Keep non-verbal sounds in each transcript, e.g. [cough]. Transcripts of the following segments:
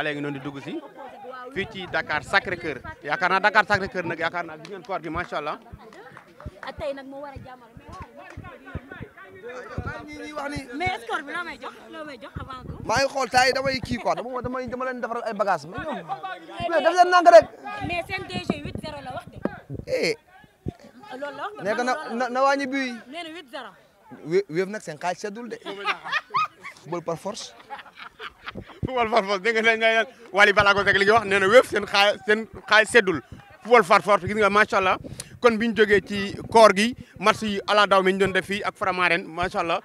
léegi noonu di dugg si ci Dakar Sacré Cœur yaakaar naa Dakar Sacré Cœur nag yaakaar naa gis ngeen koor gi macha allah. tey nag mu war a jàmmal mais est-ce que bi loo may jox loo may jox avant que. maa ngi xool tay damay kii quoi dama damay dama leen defaral ay bagages mais ñoom mais daf leen nang rek. mais seen DG eh. na na wàññi bii. nee nag seen xaalis seddul de. [laughs] bol par force. Fubal farfort dégg nga ne Wally Ballago Seck wax nee na seen xaay seen xaay seddul Fubal gis nga macha allah kon bi ñu jógee ci koor gi match yi ala daw mi ñu doon def fii ak Faramaren macha allah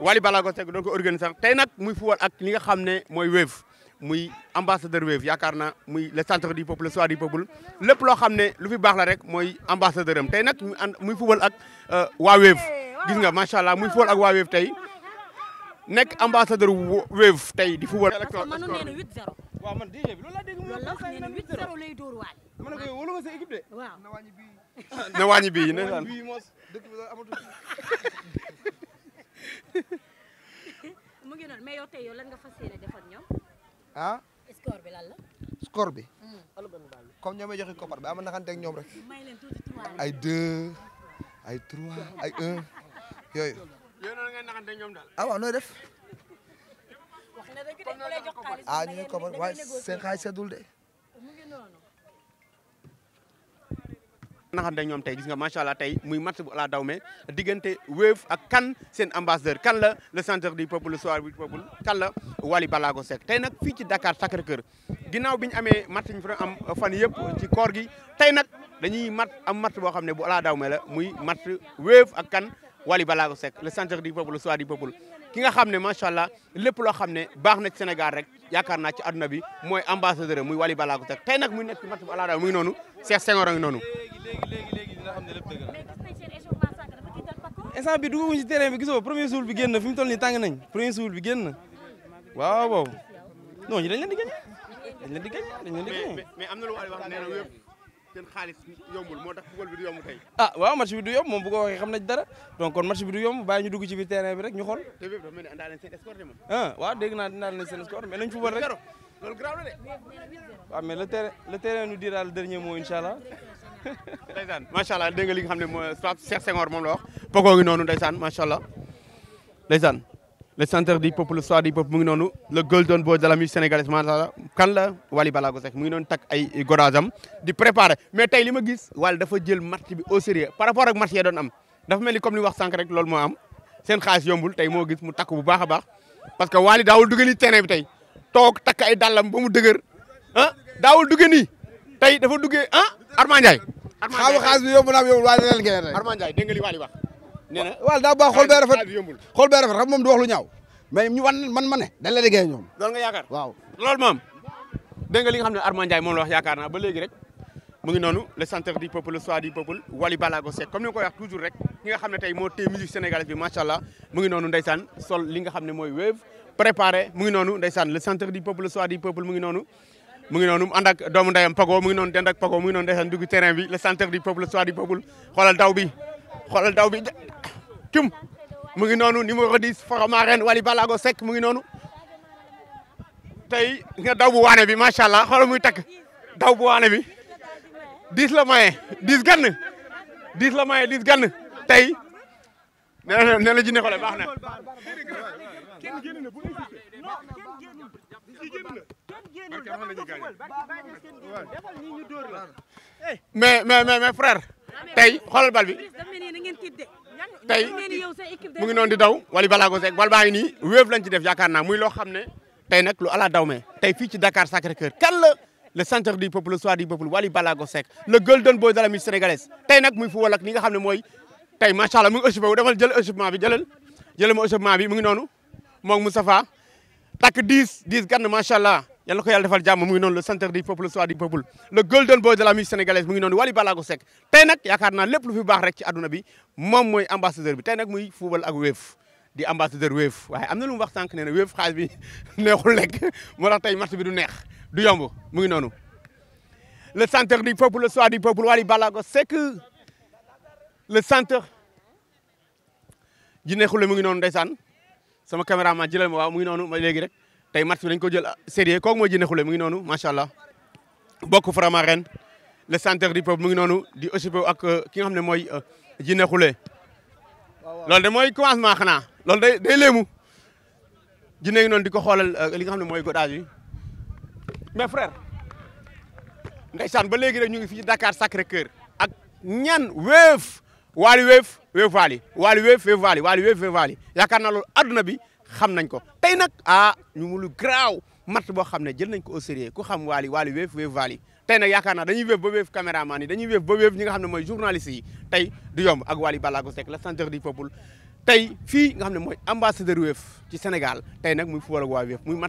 Wally Ballago Seck doon ko organiser tey nag muy Fubal ak li nga xam ne mooy wéef muy ambassadeur wave yaakaar na muy le centre du peuple le soir du peuple lépp loo xam ne lu fi baax la rek mooy ambassadeur am tey nag muy fubal ak euh, waa wave gis nga macha allah muy fubal ak waa tey nekk ambassadeur Wave tey di fu war a. parce que mënu nee na 8-0. waaw man DG bi loolu laa dégg. loolu la wax nee na 8-0 lay dóor waale. ma ne ko yow wóolu nga sa équipe de. waaw na wàññi bii. [laughs] na wàññi bii ne daan bii mos dëkk bi amatul. [laughs] mu ngi noonu mais yow tey yow lan nga fas yéene defoon ñoom. ah. score bi lan la. score bi. Hmm. comme ñoo may joxe koppar bi am ah, na naxante ak ñoom rek. ay deux ay trois ay un yooyu. ah waaw nooy def. ah ñu ngi ko ba tey gis nga macha allah tey muy mat bu la daw mais diggante Wave ak kan seen ambassadeur kan la le centre du peuple le soir du peuple kan la Wally Ballago Seck tey nag fii ci Dakar Sacré-Cœur ginnaaw bi ñu amee match ñu fan yëpp ci koor gi tey nag dañuy mat am match boo xam ne bu la daw mais la muy mat Wave ak Wally Ballago Seck le centre du peuple le soir du peuple ki nga xam ne macha allah lépp loo xam ne baax na ci Sénégal rek yaakaar naa ci adduna bi mooy ambassadeur muy Wally Ballago Seck tey nag muy nekk ci match bu alaada mu noonu Cheikh Senghor a ngi noonu. bi dugguñu ci terrain bi gisoo premier suul bi génn na fi mu toll nii tàng nañ premier suul bi génn na waaw waaw non ñu dañ leen am na lu na seen xaalis yombul moo tax football bi du yomb tey. ah waaw match bi du yomb moom bu ko waxee xam dara donc kon match bi du yomb bàyyi ñu dugg ci biir terrain bi rek ñu xool. te bépp dafa mel ni àndaale nañ seen score de moom. ah waaw dégg naa dinaa leen seen score mais nañ football rek. loolu garaaw la de. waaw mais le terrain le terrain nous dira le dernier allah. [laughs] ndeysaan macha allah li nga xam ne mooy Cheikh Senghor moom la wax. Pogoo ngi noonu ndeysaan macha allah ndeysaan le centre du peuple le soir du peuple mu ngi noonu le golden boy de la musique sénégalaise maanaam kan la Wally Ballago Seck mu ngi noonu takk ay goraasam di préparer mais tey li ma gis Wally dafa jël match bi au sérieux par rapport ak match ya doon am dafa mel ni comme li wax sànq rek loolu moo am seen xaalis yombul tey moo gis mu takk bu baax a baax parce que Wally daawul dugg nii terrain bi tey toog takk ay dàllam ba mu dëgër ah daawul dugg nii tey dafa duggee ah Arma Ndiaye. Arma Ndiaye xaalis bi yomb na wax. nee daa baax xool bee rafet xool bee rafet xam moom du wax lu ñaaw mais ñu wan man ma ne dañ la liggéey ñoom loolu nga yaakaar waaw loolu moom dégg nga xam ne Armand Ndiaye moom la wax yaakaar naa ba léegi rek mu noonu le centre du peuple le soir du peuple Wally Balago Seck comme ni koy wax toujours rek ki xam ne tey moo téye musique sénégalaise bi macha allah mu ngi noonu ndeysaan sol li nga xam ne mooy wave préparé mu noonu ndeysaan le centre du peuple le soir du peuple mu ngi noonu ngi noonu ànd ak doomu ndeyam Pago mu ngi noonu bi le centre du peuple le soir bi cum mu ngi noonu numéro 10 Faramareen Wally Ballago Seck mu ngi noonu tey nga daw bu waane bi macha allah xoolal muy takk daw bu waane bi 10 la maye 10 gann 10 la maye 10 gann tey nee ne xoole baax na. mais mais tey xoolal bal bi. tey mu ngi noonu di daw Waly Balago Seck bal baa ngi nii wéef ci def yaakaar naa muy loo xam ne tey nag lu ala daw me tey fii ci dakaar Sacré-Cœur kan la le centre du peuple le soir du peuple Waly Balago Seck le golden boy de la musique nag muy football ak li nga xam ne mooy tey macha allah mu ngi échauffé wu defal jël échauffement bi jëlal jëlal ma échauffement bi mu ngi noonu moom Moustapha takk 10 10 gann macha allah yal ko yàlla defal jàmm mu ngi noonu le centre du peuple le soir du peuple le golden boy de la musique sénégalaise mu noonu Wally Ballago Seck tey nag naa lépp lu fi baax rek ci bi moom mooy ambassadeur bi tey nag muy football ak Wave di ambassadeur Wave waaye am na lu mu wax sànq nee na Wave xaalis bi [laughs] neexul lekk moo tax tey match bi du neex du yomb mu ngi noonu le centre du peuple le soir du peuple Wally Ballago Seck le centre ji neexul mu ngi noonu ndeysaan sama caméraman jëlal ma waaw mu ngi noonu ma léegi rek tey match bi dañ ko jël sérieux kooku mooy Djine Khoule mu ngi noonu macha allah bokk Faramareen le centre du peuple mu ngi noonu di occupé ak euh, ki nga xam ne mooy Djine euh, Khoule. loolu de mooy commencement xanaa lool day day léemu Djine ngi noonu di ko xoolal euh, li nga xam ne mooy godage bi mais nde ndeysaan ba léegi rek ñu ngi fii dakaar Sacré-Cœur ak ñan Wave. waali Wave Wave waali waali Wave Wave waali waali yaakaar naa loolu adduna bi xam nañ ko tey nag ah ñu mu lu garaaw matt boo xam ne jël nañ ko au sérieux ku xam waali waali wéef wéef waali tey nag yaakaar naa dañuy wéef ba wéef caméraman yi dañuy wéef ba wéef ñi nga xam ne mooy journaliste yi tey du yomb ak waali balago Seck la centre du peuple tey fii nga xam ne mooy ambassadeur wéef ci Sénégal tey nag muy football ak waa wéef muy matt